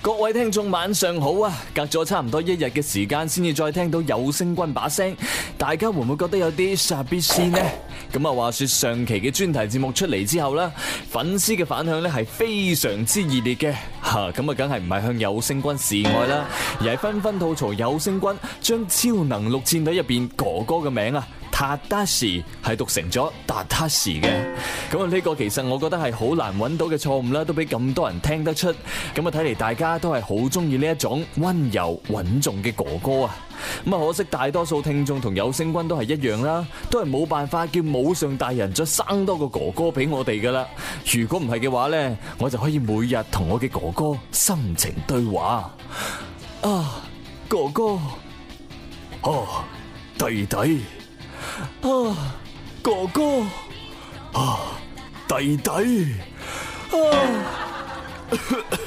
各位聽眾晚上好啊，隔咗差唔多一日嘅時間先至再聽到有聲君把聲，大家會唔會覺得有啲煞必先呢？咁啊，話說上期嘅專題節目出嚟之後啦，粉絲嘅反響咧係非常之熱烈嘅，吓，咁啊，梗係唔係向有聲君示愛啦，而係紛紛吐槽有聲君將超能陸戰隊入邊哥哥嘅名啊。達達士係讀成咗達他士嘅，咁啊呢個其實我覺得係好難揾到嘅錯誤啦，都俾咁多人聽得出，咁啊睇嚟大家都係好中意呢一種溫柔穩重嘅哥哥啊，咁啊可惜大多數聽眾同有聲君都係一樣啦，都係冇辦法叫母上大人再生多個哥哥俾我哋噶啦，如果唔係嘅話咧，我就可以每日同我嘅哥哥深情對話啊，哥哥、啊，哦弟弟。啊，哥哥啊，弟弟、啊、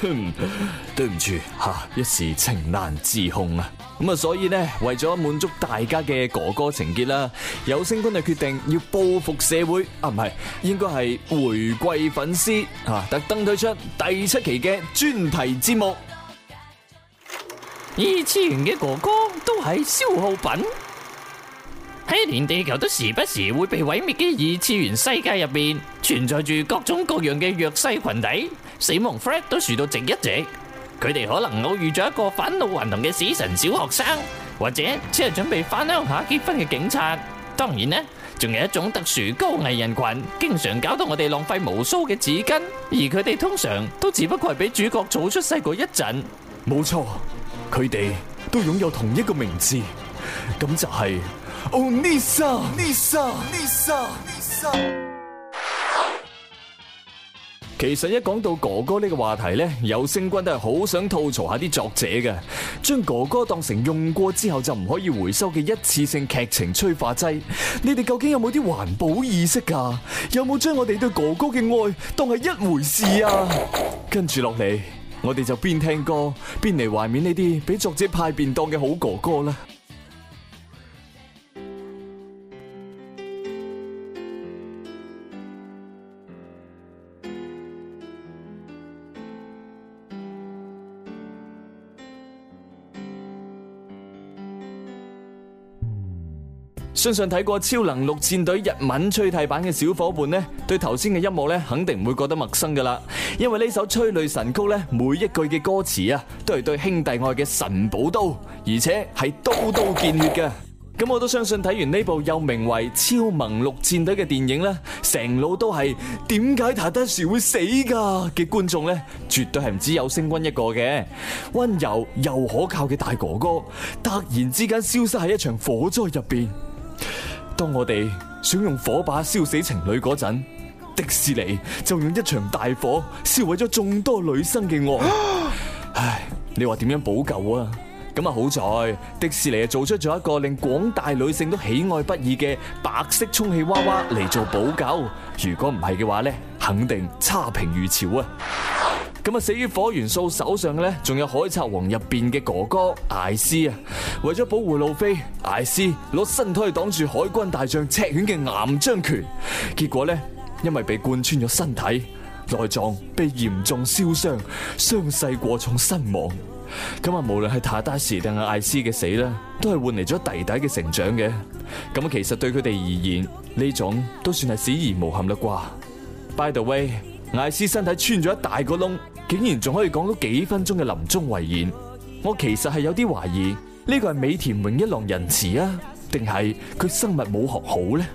對唔住吓，一時情難自控啊。咁啊，所以呢，為咗滿足大家嘅哥哥情結啦，有聲君就決定要報復社會啊，唔係，應該係回饋粉絲啊，特登推出第七期嘅專題節目。二次元嘅哥哥都係消耗品。喺連地球都時不時會被毀滅嘅二次元世界入面，存在住各種各樣嘅弱勢群體，死亡 flag 都豎到直一直，佢哋可能偶遇咗一個返老還童嘅死神小學生，或者只係準備返鄉下結婚嘅警察。當然呢，仲有一種特殊高危人群，經常搞到我哋浪費無數嘅紙巾。而佢哋通常都只不過係比主角早出世過一陣。冇錯，佢哋都擁有同一個名字，咁就係、是。其實一講到哥哥呢個話題呢，有聲君都係好想吐槽下啲作者嘅，將哥哥當成用過之後就唔可以回收嘅一次性劇情催化劑。你哋究竟有冇啲環保意識啊？有冇將我哋對哥哥嘅愛當係一回事啊？跟住落嚟，我哋就邊聽歌邊嚟懷念呢啲俾作者派便當嘅好哥哥啦。相信睇過《超能陸戰隊》日文吹替版嘅小伙伴呢，對頭先嘅音樂肯定唔會覺得陌生噶啦。因為呢首催淚神曲呢，每一句嘅歌詞啊，都係對兄弟愛嘅神寶刀，而且係刀刀見血嘅。咁我都相信睇完呢部又名為《超萌陸戰隊》嘅電影呢，成路都係點解塔德士會死噶嘅觀眾呢，絕對係唔只有星君一個嘅。溫柔又可靠嘅大哥哥，突然之間消失喺一場火災入邊。當我哋想用火把燒死情侶嗰陣，迪士尼就用一場大火燒毀咗眾多女生嘅愛。唉，你話點樣補救啊？咁啊，好在迪士尼做出咗一個令廣大女性都喜愛不已嘅白色充氣娃娃嚟做補救。如果唔係嘅話呢，肯定差評如潮啊！咁啊，死於火元素手上嘅咧，仲有海賊王入邊嘅哥哥艾斯啊！為咗保護路飛，艾斯攞身體去擋住海軍大將赤犬嘅岩漿拳，結果咧，因為被貫穿咗身體，內臟被嚴重燒傷，傷勢過重身亡。咁啊，無論係塔達士定係艾斯嘅死呢，都係換嚟咗弟弟嘅成長嘅。咁其實對佢哋而言，呢種都算係死而無憾啦啩。By the way，艾斯身體穿咗一大個窿。竟然仲可以講到幾分鐘嘅臨終遺言，我其實係有啲懷疑呢個係尾田榮一郎仁慈啊，定係佢生物冇學好呢？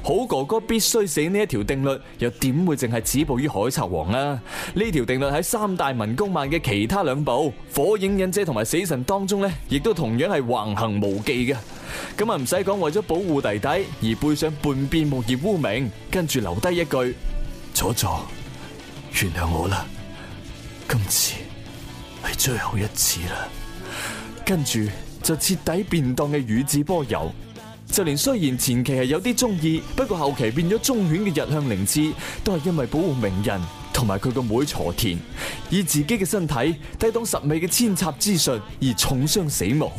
好哥哥必須死呢一條定律又點會淨係止步於海賊王啊？呢條定律喺三大民工漫嘅其他兩部《火影忍者》同埋《死神》當中呢，亦都同樣係橫行無忌嘅。咁啊，唔使講為咗保護弟弟而背上半邊木葉污名，跟住留低一句。佐助，原諒我啦，今次係最後一次啦。跟住，就徹底便當嘅宇智波游，就連雖然前期係有啲中意，不過後期變咗忠犬嘅日向寧次，都係因為保護鳴人同埋佢個妹雛田，以自己嘅身體抵擋十尾嘅千插之術而重傷死亡。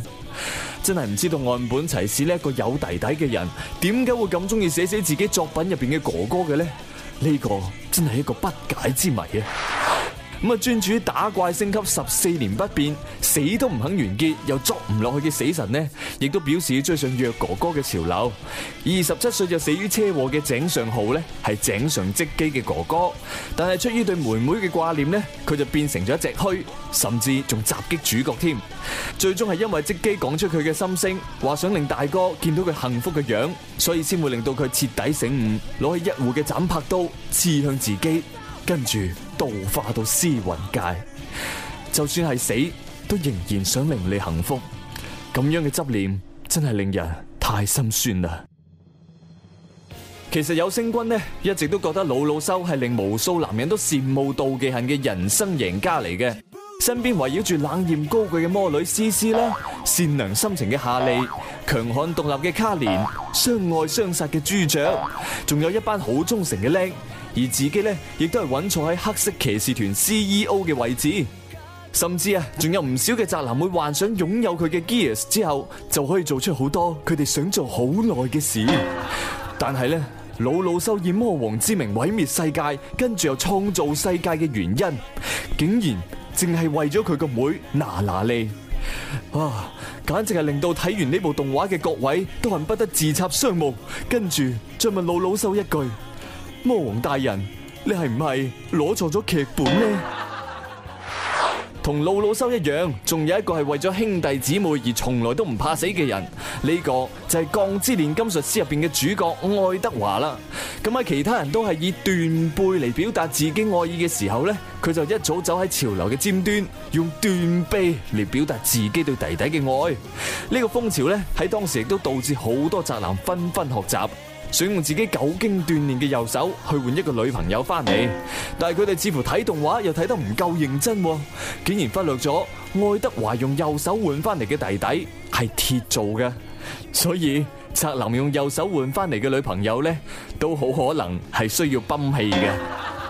真係唔知道岸本齊史呢一個有弟弟嘅人，點解會咁中意寫寫自己作品入邊嘅哥哥嘅呢？呢個真係一個不解之謎啊！咁啊，專注打怪升級十四年不變，死都唔肯完結，又作唔落去嘅死神呢？亦都表示追上若哥哥嘅潮流。二十七歲就死於車禍嘅井上浩呢，係井上織姬嘅哥哥，但係出於對妹妹嘅掛念呢，佢就變成咗一隻虛，甚至仲襲擊主角添。最終係因為織姬講出佢嘅心聲，話想令大哥見到佢幸福嘅樣，所以先會令到佢徹底醒悟，攞起一護嘅斬魄刀刺向自己，跟住道化到屍魂界，就算係死都仍然想令你幸福這的，咁樣嘅執念真係令人太心酸啦。其實有星君呢，一直都覺得魯魯修係令無數男人都羨慕妒忌恨嘅人生贏家嚟嘅，身邊圍繞住冷艷高貴嘅魔女絲絲啦，善良深情嘅夏莉，強悍獨立嘅卡蓮，相愛相殺嘅朱雀，仲有一班好忠誠嘅叻。而自己咧，亦都係穩坐喺黑色騎士團 CEO 嘅位置，甚至啊，仲有唔少嘅宅男會幻想擁有佢嘅 Geass 之後，就可以做出好多佢哋想做好耐嘅事。但係咧，魯魯修以魔王之名毀滅世界，跟住又創造世界嘅原因，竟然淨係為咗佢個妹妹，娜娜莉，啊，簡直係令到睇完呢部動畫嘅各位都恨不得自插雙目，跟住再問魯魯修一句。魔王大人，你係唔係攞錯咗劇本呢？同露露修一樣，仲有一個係為咗兄弟姊妹而從來都唔怕死嘅人，呢個就係《鋼之煉金術師》入邊嘅主角愛德華啦。咁喺其他人都係以斷背嚟表達自己愛意嘅時候呢，佢就一早走喺潮流嘅尖端，用斷臂嚟表達自己對弟弟嘅愛。呢個風潮呢，喺當時亦都導致好多宅男紛紛學習。想用自己久經鍛煉嘅右手去換一個女朋友翻嚟，但係佢哋似乎睇動畫又睇得唔夠認真，竟然忽略咗愛德華用右手換翻嚟嘅弟弟係鐵做嘅，所以策林用右手換翻嚟嘅女朋友咧，都好可能係需要泵氣嘅。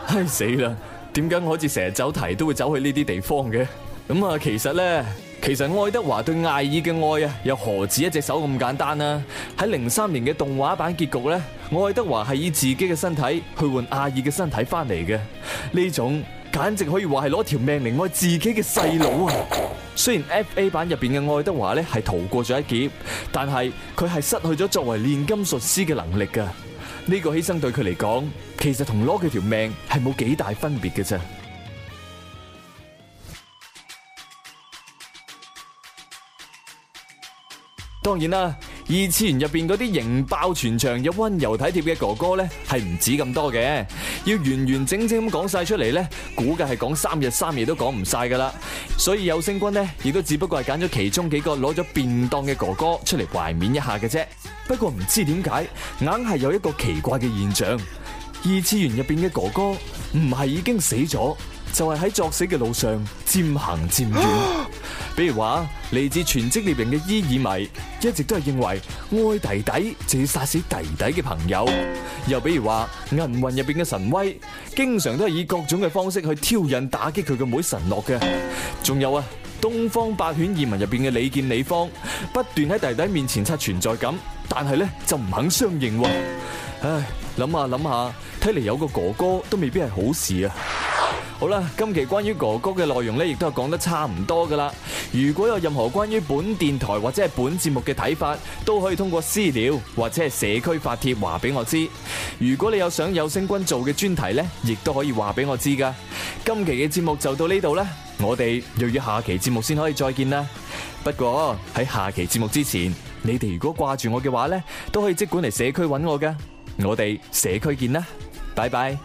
唉死啦，點解我好似成日走題都會走去呢啲地方嘅？咁啊，其實咧。其實愛德華對艾爾嘅愛啊，又何止一隻手咁簡單啊？喺零三年嘅動畫版結局呢，愛德華係以自己嘅身體去換艾爾嘅身體翻嚟嘅，呢種簡直可以話係攞條命嚟愛自己嘅細佬啊！雖然 FA 版入邊嘅愛德華呢係逃過咗一劫，但係佢係失去咗作為煉金術師嘅能力噶，呢、呢個犧牲對佢嚟講，其實同攞佢條命係冇幾大分別嘅啫。當然啦，二次元入邊嗰啲型爆全場有温柔體貼嘅哥哥咧，係唔止咁多嘅，要完完整整咁講晒出嚟咧，估計係講三日三夜都講唔晒噶啦。所以有聲君咧，亦都只不過係揀咗其中幾個攞咗便當嘅哥哥出嚟懷緬一下嘅啫。不過唔知點解，硬係有一個奇怪嘅現象，二次元入邊嘅哥哥唔係已經死咗，就係喺作死嘅路上漸行漸遠。啊比如話，嚟自全職獵人嘅伊爾迷，一直都係認為愛弟弟就要殺死弟弟嘅朋友。又比如話，銀魂入邊嘅神威，經常都係以各種嘅方式去挑釁打擊佢嘅妹神樂嘅。仲有啊，東方八犬異聞入邊嘅李健、李芳不斷喺弟弟面前刷存在感，但係咧就唔肯相認。唉，諗下諗下，睇嚟有個哥哥都未必係好事啊。好啦，今期關於哥哥嘅內容咧，亦都係講得差唔多噶啦。如果有任何關於本電台或者係本節目嘅睇法，都可以通過私聊或者係社區發帖話俾我知。如果你有想有星君做嘅專題咧，亦都可以話俾我知噶。今期嘅節目就到呢度啦，我哋又要下期節目先可以再見啦。不過喺下期節目之前，你哋如果掛住我嘅話咧，都可以即管嚟社區揾我噶，我哋社區見啦，拜拜。